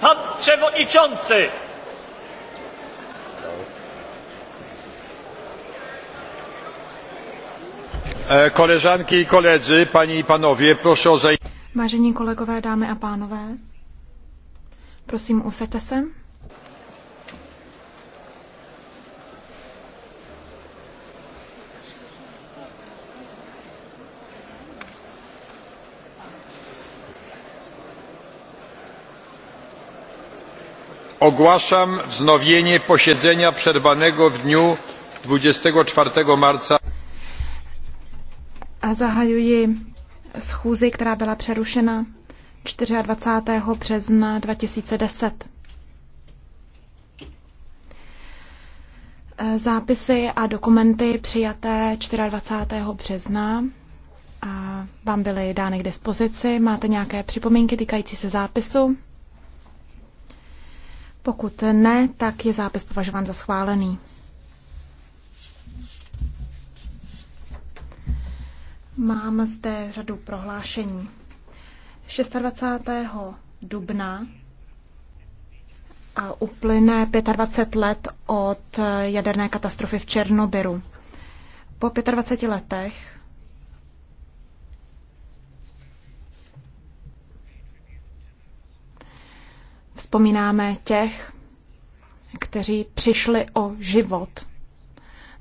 Pan przewodniczący! E, koleżanki i koledzy, panie i panowie, proszę o zajęcie. Vážení kolegové, dámy a pánové, prosím, usaďte se. Ogłaszam wznowienie posiedzenia przerwanego w dniu 24 marca. A zahajuji schůzi, která byla přerušena 24. března 2010. Eh, zápisy a dokumenty přijaté 24. března a vám byly dány k dispozici. Máte nějaké připomínky týkající se zápisu? Pokud ne, tak je zápis považován za schválený. Mám zde řadu prohlášení. 26. dubna a uplyne 25 let od jaderné katastrofy v Černobyru. Po 25 letech Vzpomínáme těch, kteří přišli o život,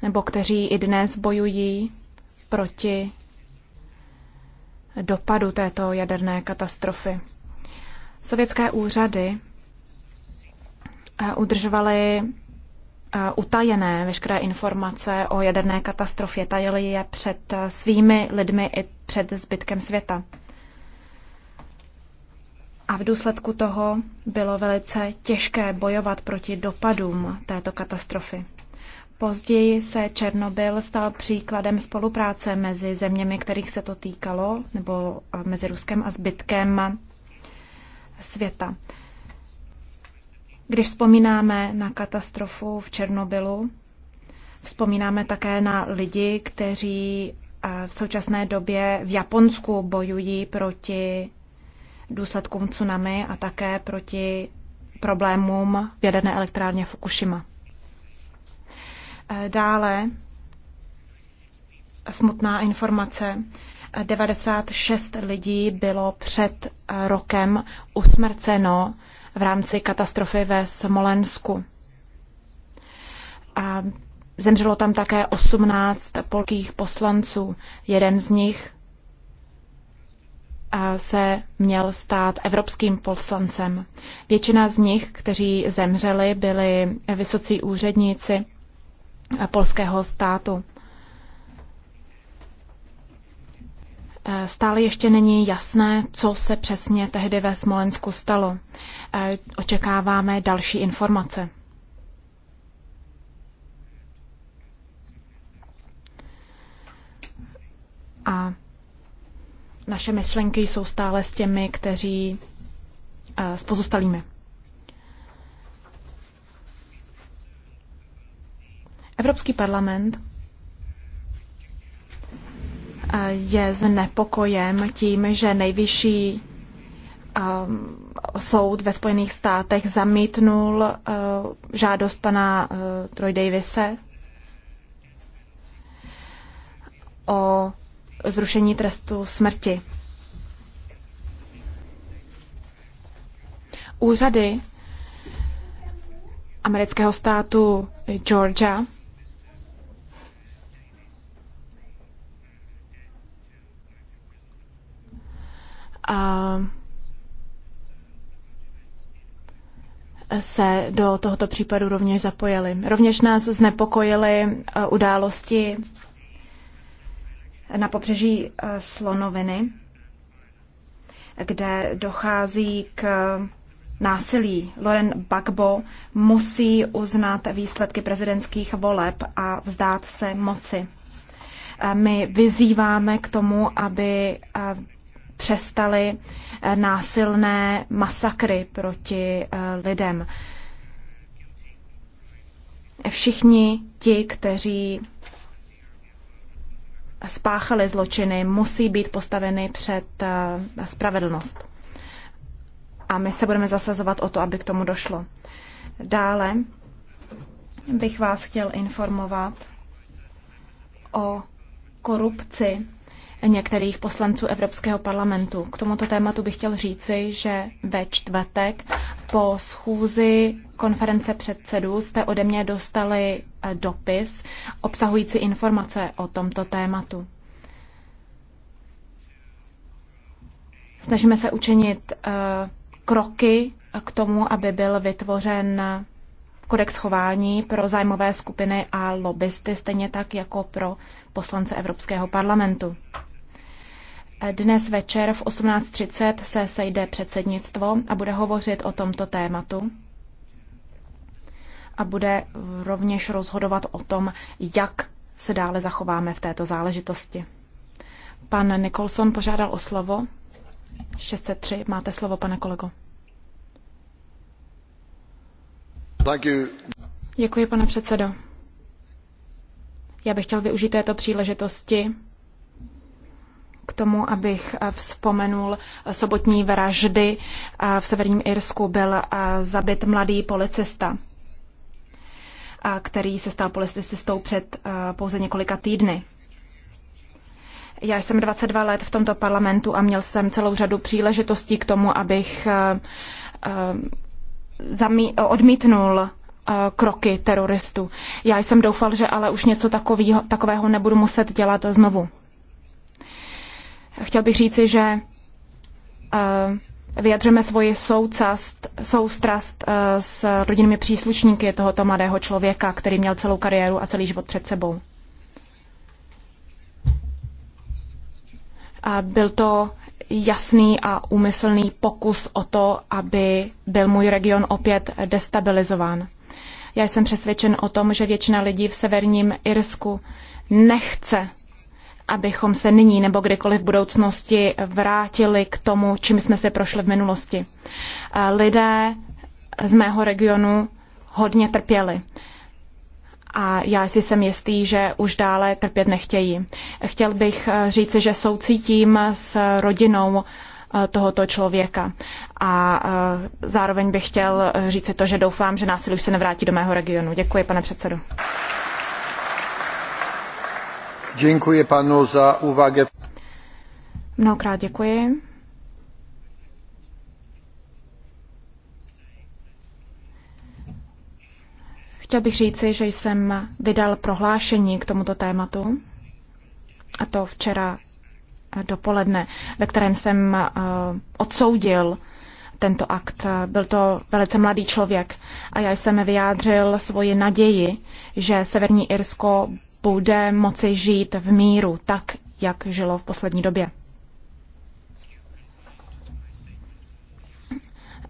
nebo kteří i dnes bojují proti dopadu této jaderné katastrofy. Sovětské úřady eh, udržovaly eh, utajené veškeré informace o jaderné katastrofě, tajili je před eh, svými lidmi i před zbytkem světa a v důsledku toho bylo velice těžké bojovat proti dopadům této katastrofy. Později se Černobyl stal příkladem spolupráce mezi zeměmi, kterých se to týkalo, nebo eh, mezi Ruskem a zbytkem světa. Když vzpomínáme na katastrofu v Černobylu, vzpomínáme také na lidi, kteří eh, v současné době v Japonsku bojují proti důsledkům tsunami a také proti problémům v jaderné elektrárně Fukushima. Eh, dále smutná informace. 96 eh, lidí bylo před eh, rokem usmrceno v rámci katastrofy ve Smolensku. A zemřelo tam také 18 polských poslanců. Jeden z nich se měl stát evropským poslancem. Většina z nich, kteří zemřeli, byli vysocí úředníci polského státu. Stále ještě není jasné, co se přesně tehdy ve Smolensku stalo. Očekáváme další informace. A naše myšlenky jsou stále s těmi, kteří s pozostalými. Evropský parlament je nepokojem tím, že nejvyšší soud ve Spojených státech zamítnul žádost pana Troy Davise o zrušení trestu smrti. Úřady amerického státu Georgia a se do tohoto případu rovněž zapojili. Rovněž nás znepokojily eh, události na pobřeží eh, Slonoviny, kde dochází k násilí. Loren Bagbo musí uznat výsledky prezidentských voleb a vzdát se moci. Eh, my vyzýváme k tomu, aby eh, přestali násilné masakry proti lidem. Všichni ti, kteří spáchali zločiny, musí být postaveny před eh, spravedlnost. A my se budeme zasazovat o to, aby k tomu došlo. Dále bych vás chtěl informovat o korupci některých poslanců Evropského parlamentu. K tomuto tématu bych chtěl říci, že ve čtvrtek po schůzi konference předsedů jste ode mě dostali eh, dopis obsahující informace o tomto tématu. Snažíme se učinit eh, kroky k tomu, aby byl vytvořen kodex chování pro zájmové skupiny a lobbysty, stejně tak jako pro poslance Evropského parlamentu. Dnes večer v 18.30 se sejde předsednictvo a bude hovořit o tomto tématu a bude rovněž rozhodovat o tom, jak se dále zachováme v této záležitosti. Pan Nicholson požádal o slovo. 603, máte slovo, pane kolego. Thank you. Děkuji, pane předsedo. Já bych chtěl využít této příležitosti k tomu, abych eh, vzpomenul eh, sobotní vraždy eh, v severním Irsku, byl zabit mladý policista, který se stal policistou před pouze několika týdny. Já jsem 22 let v tomto parlamentu a měl jsem celou řadu příležitostí k tomu, abych odmítnul kroky teroristů. Já jsem doufal, že ale už něco takového, takového nebudu muset dělat znovu. Chtěl bych říci, že eh, vyjadřeme svoji soucast, soustrast eh, s rodinnými příslušníky tohoto mladého člověka, který měl celou kariéru a celý život před sebou. A byl to jasný a úmyslný pokus o to, aby byl můj region opět destabilizován. Já jsem přesvědčen o tom, že většina lidí v severním Irsku nechce abychom se nyní nebo kdykoliv v budoucnosti vrátili k tomu, čím jsme se prošli v minulosti. Lidé z mého regionu hodně trpěli. A já si jsem jistý, že už dále trpět nechtějí. Chtěl bych eh, říci, že soucítím s rodinou eh, tohoto člověka. A eh, zároveň bych chtěl říci to, že doufám, že násilí už se nevrátí do mého regionu. Děkuji, pane předsedu. Děkuji panu za uwagę. Mnohokrát děkuji. Chtěl bych říci, že jsem vydal prohlášení k tomuto tématu, a to včera dopoledne, ve kterém jsem eh, odsoudil tento akt. Byl to velice mladý člověk a já jsem vyjádřil svoji naději, že Severní Irsko bude moci žít v míru tak, jak žilo v poslední době.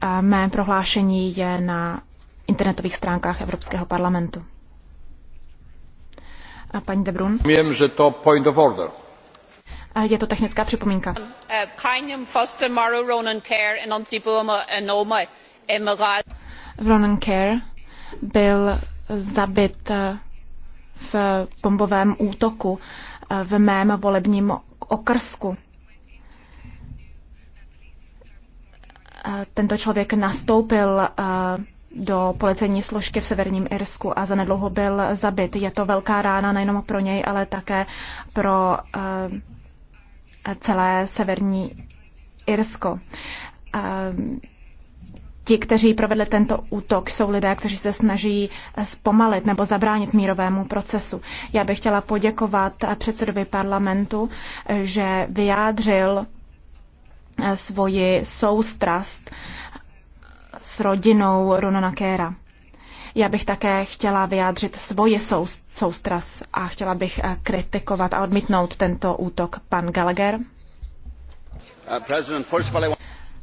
A mé prohlášení je na internetových stránkách Evropského parlamentu. A paní De Brun? Vím, že to point of order. A je to technická připomínka. Um, eh, Ronan Care byl zabit eh, v bombovém útoku eh, v mém volebním okrsku. Eh, tento člověk nastoupil eh, do policejní složky v severním Irsku a zanedlouho byl zabit. Je to velká rána nejenom pro něj, ale také pro celé severní Irsko. Ti, kteří provedli tento útok, jsou lidé, kteří se snaží eh, zpomalit nebo zabránit mírovému procesu. Já bych chtěla poděkovat eh, předsedovi parlamentu, eh, že vyjádřil svoji soustrast s rodinou Ronona Kéra. Já bych také chtěla vyjádřit svoji soustras a chtěla bych kritikovat a odmítnout tento útok pan Gallagher. Uh,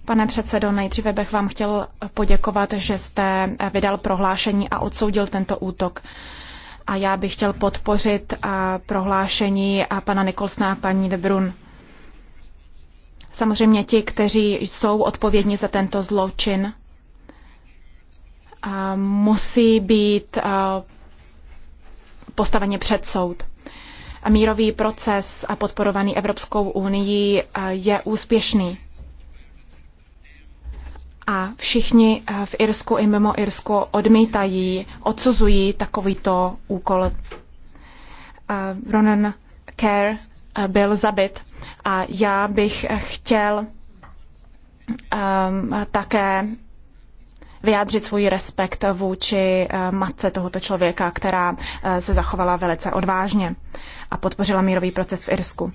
Pane předsedo, nejdříve bych vám chtěl poděkovat, že jste vydal prohlášení a odsoudil tento útok. A já bych chtěl podpořit prohlášení a pana Nikolsna a paní Debrun. Samozřejmě ti, kteří jsou odpovědní za tento zločin, musí být postaveni před soud. mírový proces a podporovaný Evropskou unii je úspěšný. A všichni eh, v Irsku i mimo Irsko odmítají, odsuzují takovýto úkol. Eh, Ronan Kerr eh, byl zabit a já bych chtěl ehm, také vyjádřit svůj respekt vůči matce tohoto člověka, která se zachovala velice odvážně a podpořila mírový proces v Irsku.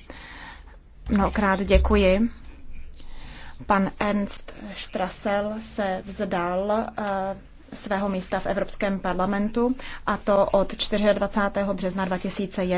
Mnohokrát děkuji. Pan Ernst Strassel se vzdal eh, svého místa v Evropském parlamentu a to od 24. března 2001.